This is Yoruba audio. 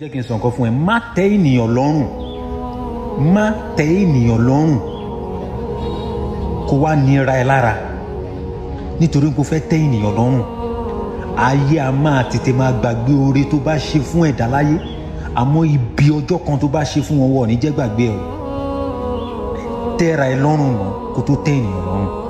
jẹ́ kí n sọ nǹkan fún ẹ má tẹ́ ènìyàn lọ́rùn má tẹ́ ènìyàn lọ́rùn kó wá nira ẹ lára nítorí kó fẹ́ tẹ́ ènìyàn lọ́rùn ayé a máa tètè máa gbàgbé oore tó bá ṣe fún ẹ̀dá láyé àmọ́ ibi ọjọ́ kan tó bá ṣe fún wọn wọ̀ ní jẹ́ gbàgbé ẹ tẹ́ra ẹ lọ́rùn náà kó tó tẹ́ ènìyàn lọ́rùn.